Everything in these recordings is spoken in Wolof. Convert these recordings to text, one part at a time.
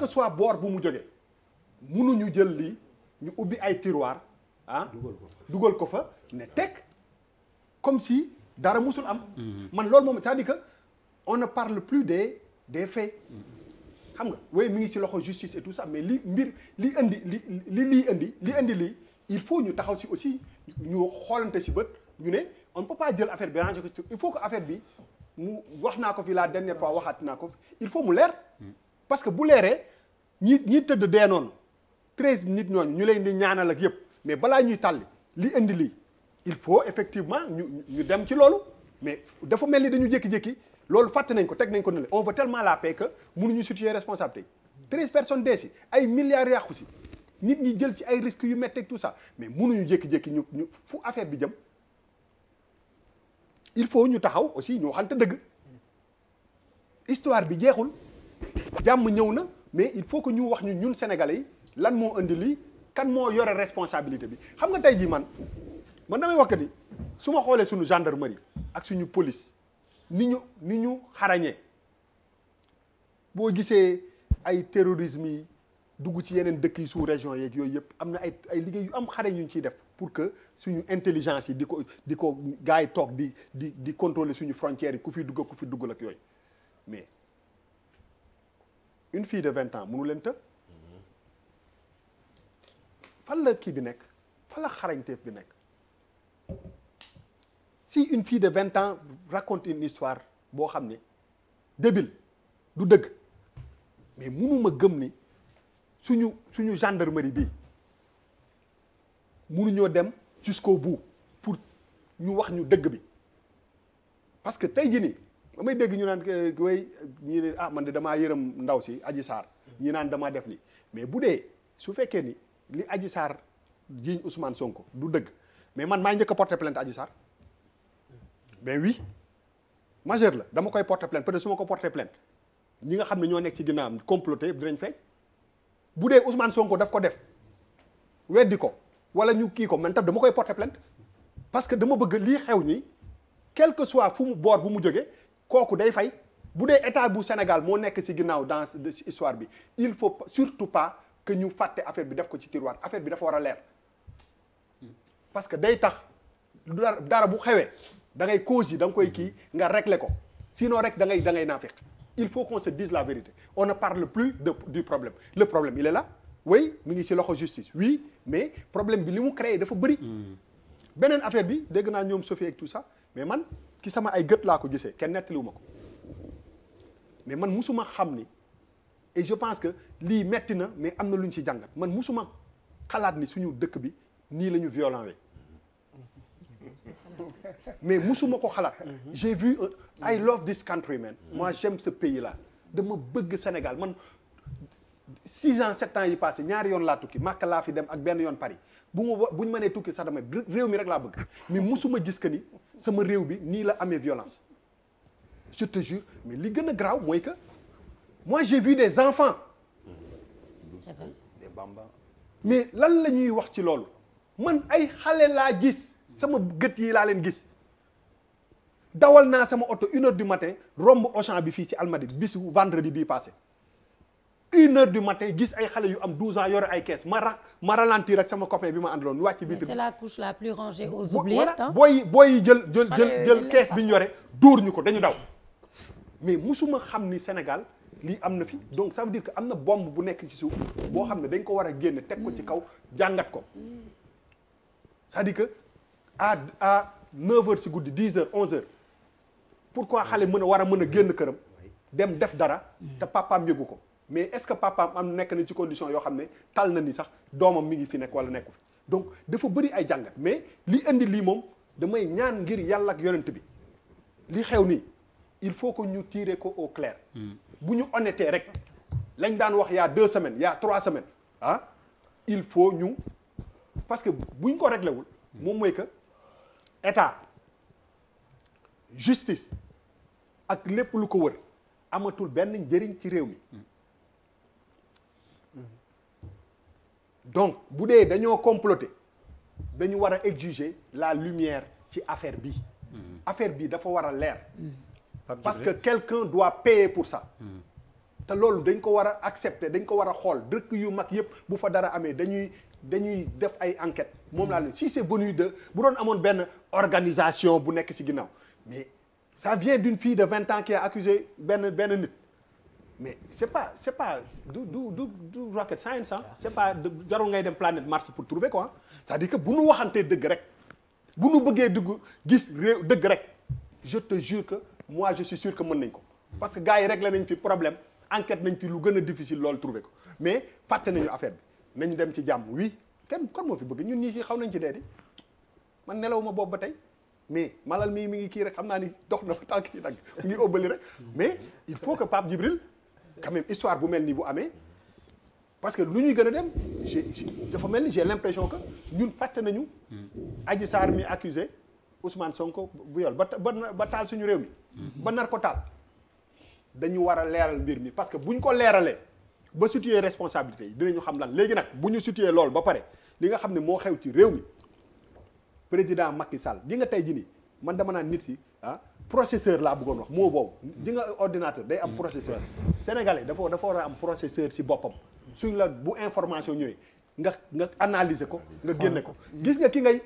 que soit boor bu mu jóge munuñu jël li ñu ubbi ay tiroir ah dugal ko fa ne teg comme si dara musul am mhm. man loolu moom c'est-à-dire que on ne parle plus des des faits xam nga waaye mu ngi si loxo justice et tout ça mais li mbir li indi li li lii indi li indi lii il faut ñu taxaw si aussi ñu xoolante si bët ñu ne on ne pas jël affaire bi ranger ko il faut que affaire bi mu wax naa ko fi la dernière fois waxaat naa ko il faut mu leer mm. parce que bu leeree ñi ñi tëdd dee noonu treize nit ñooñu ñu leen di ñaanal ak yëpp mais balaa ñuy tàlli li indi lii il faut effectivement ñu ñu dem ci loolu mais dafa mel ni dañu jékki-jékki loolu fàtte nañ ko teg nañ ko ne on veut tellement la paix que situer responsabilité yi personne personnes si ay milliards yàqu si nit ñi jël ci ay risques yu métteeg tout sax mais munuñu jékki-jékki ñu ñu fu affaire bi jëm il faut ñu taxaw aussi ñu te dëgg histoire bi jeexul jàmm ñëw na mais il faut que ñu wax ñu ñun sénégalais yi lan moo indi lii kan moo yore responsabilité bi xam nga tey jii man man damay wax ni su ma xoolee suñu gendarmerie ak suñu police ni ñu ni ñu xarañee boo gisee ay terrorisme yi dugg ci yeneen dëkk yi su région yeeg yooyu yëpp am na ay ay liggéey yu am xarañ yu ñu ciy def pour que suñu intelligence yi di ko di ko gars yi toog di di di contrôler suñu frontières yi ku fi dugg ku fi duggal ak yooyu mais une fille de vingt ans mënu leen të fan la kii bi nekk fan la xarañteef bi nekk si une fille de vingt ans raconte une histoire boo xam ne débile du dëgg mais mënuma gëm ni suñu suñu gendarmerie bi mënuñoo dem jusqu'au bout pour ñu wax ñu dëgg bi parce que tey jii nii damay dégg ñu naan way ñii ne ah man de damaa yërëm ndaw si aji saar ñii naan damaa def nii mais bu dee su fekkee ni li aji saar jiiñ Ousmane Sonko du dëgg mais man maa njëkk a porté plainte aji saar ben oui majeur la dama koy porte plainte peut-être su ma ko porté nga xam ne ñoo nekk ci ginnaawam comploté yëpp dinañ feeñ bu dee Ousmane Sonko daf ko def weddi ko wala ñu kii ko man tam dama koy porté plainte parce que dama bëgg lii xew ñi quelque que soit fu mu boor bu mu jógee kooku day fay bu dee état bu Sénégal moo nekk ci ginnaaw dans ci histoire bi il faut surtout pas que ñu fàtte affaire bi def ko ci tiroir affaire bi dafa war a leer parce que day tax dara bu xewee da ngay cause yi da nga koy kii nga regle ko si sinon rek da ngay da ngay naafiq il faut qu'on se dise la vérité on na parle plus de du problème le problème il est là oui mu ngi si loxo justice oui mais problème bi li mu créé dafa bëri. Hmm. beneen affaire bi dégg naa ñoom Sophie ak mais man. ci sama ay gët laa ko gisee kenn nettaliwuma ko mais man musuma xam ni et je pense que lii metti na mais am na lu ñu ci jàngat man musuma xalaat ni suñu dëkk bi nii lañu ñu violent we mais musuma ko xalaat j'ai vu I love this country man moi j'aime ce pays là dama bëgg Sénégal man six ans sept ans yi passé ñaari yoon laa tukki makk laa fi dem ak benn yoon Paris bu ma buñ mënee tukki sax damay réew mi rek laa bëgg mais musuma gis que ni sama réew bi nii la amee violence je te jure li gën a graaw mooy que moi j'ai vu des enfants des bamba mais lan la ñuy wax ci loolu man ay xale laa gis sama gët yi laa leen gis dawal naa sama oto une heure du matin romb Auchan bi fii ci Almadies bisu vendredi bii passé une heure du matin gis ay xale yu am 12 ans yore ay kees ma ra ma ralentir ak sama copain bi ma àndaloon wàcc vitre c'est la couche la plus rangée aux oubliettes booy booy jël jël jël jël kees bi ñu yore dóor ñu ko dañu daw mais musuma xam ni Sénégal lii am na fi donc ça veut dire que am na bomb bu nekk ci suuf boo xam ne dañ ko war a génne teg ko ci kaw jàngat ko c'est-à-dire que à à 9 si guddi 10 heures 11 heures pourquoi xale mën a war a mën a génn këram dem def dara te papaam yëgu ko mais est-ce que papaam am nekk na ci condition yoo xam ne tal na ni sax doomam mi ngi fi nekk wala nekku fi donc dafa bëri ay jàngat mais li indi lii moom damay ñaan ngir yàlla ak yonent bi li xew nii il faut que ñu tirer ko au clair. Hmm. bu ñu honnête rek lañ daan wax y'a deux semaines y'a trois semaine ah il faut ñu parce que buñ ko réglé wul. Hmm. moom mooy que état justice ak lépp lu ko wër amatul benn njëriñ ci réew mi. Hmm. donc bu dee dañoo comploter dañu war a exiger la lumière ci affaire bi mm-hmm. affaire bi dafa war a leer mm-hmm. parce que quelqu'un doit payer pour sax mm-hmm. te loolu dañ ko war a accepter dañ ko war a xool dëkk yu mag yëpp bu fa dara amee dañuy dañuy def ay enquêtes moom laa leen si c'est venu de bu doon amoon benn organisation bu nekk si ginnaaw mais ça vient d'une fii de vingt ans qui a benn benn nit mais c' est pas c' est pas du du du du rocket science ah. c' est pas jarul ngay dem planète Mars pour trouver quoi c' est à dire que bu nu waxantee dëgg rek bu nu bëggee dugg gis réew dëgg rek je te jure que moi je suis sûr que mën nañ ko parce que gars yi réglé nañ fi problème enquête nañ fi lu gën a difficile loolu trouver ko mais fàtte nañu affaire bi nañu dem ci jàmm oui kenn kon moo fi bëgg ñun ñii ci xaw nañ ci dee di man nelawuma boobu ba tey. mais malal mii mi ngi kii rek xam naa ni dox na ba tànk yi nag mi ngi óbbali rek mais il faut que Pape Djibril quand même histoire bu mel nii bu amee parce que lu ñuy gën a dem j'ai dafa mel ni j'ai l'impression que ñun fàtte nañu aji Sarr mi accusé Ousmane Sonko bu yol ba ba taal suñu réew mi mhm. ba nar ko taal dañu war a leeral mbir mi parce que bu ñu ko leeralee ba situer responsabilité yi ñu xam lan léegi nag bu ñu situer lool ba pare li nga xam ne moo xew ci réew mi président Macky Sall li nga tey ji nii man dama naan nit yi ah processeur laa bëggoon wax moo mm. boobu di nga ordinateur day am mm. processeur sénégalais dafa dafa war a am processeur ci boppam suñ la bu information ñëwee nga nga analyser ko nga mm. génne ko gis nga ki ngay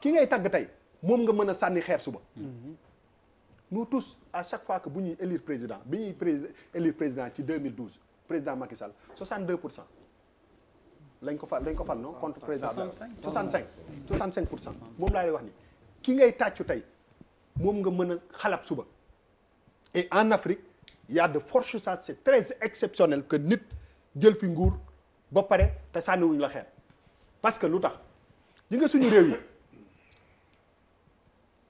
ki ngay tagg tey moom nga mën a sànni xeer suba mm-hmm. nous tous à chaque fois que bu ñuy élire président bi ñuy président élire président ci 2012 président Macky Sall 62 pour cent lañ ko fal lañ ko fal non contre président 65 65 mm-hmm. pour cent moom laa wax ni ki ngay tey moom nga mën a xalab suba et en Afrique il y a de fortes chances c'est très exceptionnel que nit jël fi nguur ba pare te sànniwuñ la xeer parce que lu tax ñi nga suñu réew yi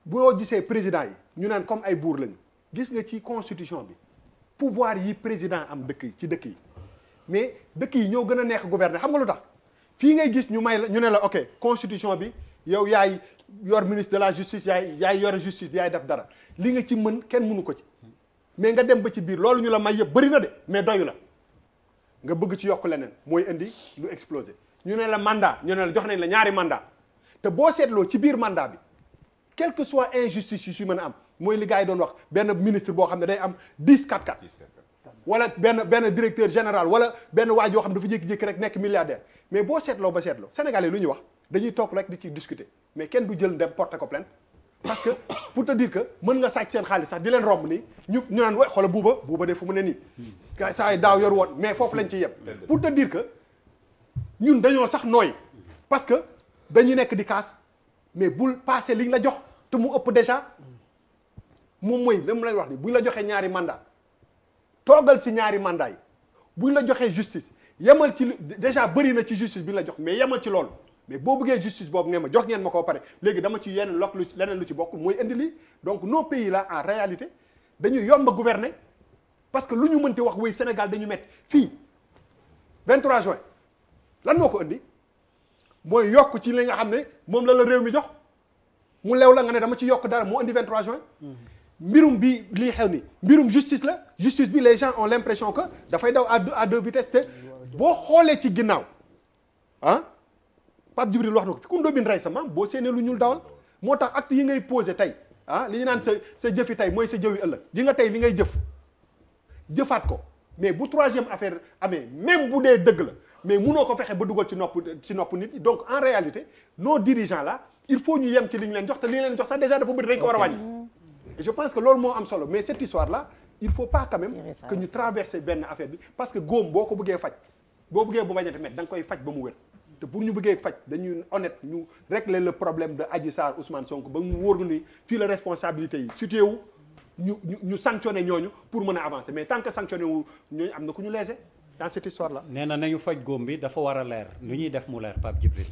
boo gisee président yi ñu naan comme ay buur lañu gis nga ci constitution bi pouvoir yi président am dëkk yi ci dëkk yi mais dëkk yi ñoo gën a neex gouverner xam nga lu tax fii ngay gis ñu may la ñu ne la ok constitution bi yow yaay yor ministre de la justice yaay yaay yore justice yaay def dara li nga ci mën kenn mënu ko ci mais nga dem ba ci biir loolu ñu la may yëpp bëri na de mais doyu la nga bëgg ci yokk leneen mooy indi lu explosé ñu ne la mandat ñu ne la jox nañ la ñaari mandat te boo seetloo ci biir mandat bi quelle que soit injustice yu si mën a am mooy li gars yi doon wax benn ministre boo xam ne day am dix quatre quatre wala benn benn directeur général wala benn waa joo xam dafa jékki-jékki rek nekk milliardaire mais boo seetloo ba seetloo Sénégalais lu ñu wax dañuy toog rek di ci discuter mais kenn du jël dem porter ko plainte parce que pour te mën nga sàcc seen xaalis sax di leen romb nii ñu ñu naan way xoola buuba buuba de fu mu ne nii hmm. saa yi daaw yor woon mais foofu lañ ci yem hmm. pour te dire que ñun dañoo sax nooy parce que dañu nekk di kaas mais bul passé liñ la jox te mu ëpp déjà moom mooy la mu lay wax ni buñ la joxee ñaari mandat toogal si ñaari mandat yi buñ la joxee justice yemal ci déjà bëri na ci justice bi la jox mais yemal ci loolu mais boo bëggee justice boobu ngeen ma jox ngeen ma ko pare léegi dama ci yenn lokk lu leneen lu ci bokk mooy indi lii donc nos pays la en réalité dañuy yomb a gouverner parce que lu ñu mënti wax wéy Sénégal dañu métti fii 23 juin lan moo ko indi mooy yokk ci li nga xam ne moom la la réew mi jox mu lew la nga ne dama ci yokk daal moo indi 23 juin. mbirum bi lii xew ni mbirum justice la justice bi les gens ont l'impression que dafay da à deux à boo xoolee ci ginnaaw ah. Pape Djibril wax na ko fi ku ndóobin rey sa maam boo séenee lu ñuul dawal moo tax acte yi ngay posé tey ah, li ñu naan sa sa jëfi tey mooy sa jëwi ëllëg ji nga tey li ngay jëf jëfaat ko mais bu troisième affaire amee même bu dee dëgg la mais munoo ko fexe ba dugal ci nopp ci nopp nit ñi donc en réalité nos dirigeants là il faut ñu yem ci li ñu leen jox te li leen jox sax déjà dafa bëri dañ ko war a wàññi je pense que loolu moo am solo mais cette histoire là il faut pas quand ñu traverser benn affaire bi parce que boo ko bëggee faj boo bëggee bu bañante met nga koy faj ba mu wér te pour ñu bëggee faj dañuy honnête ñu régler la problème de Adji Sarr Ousmane Sonko ba mu wóor ni fii la responsabilité yi situé wu ñu ñu ñu sanctionné ñooñu pour mën a avancer mais tant que sanctionné wu ñooñu am na ku ñu léser dans cette histoire là. nee na nañu faj góom bi dafa war a leer lu ñuy def mu leer Pape Djibril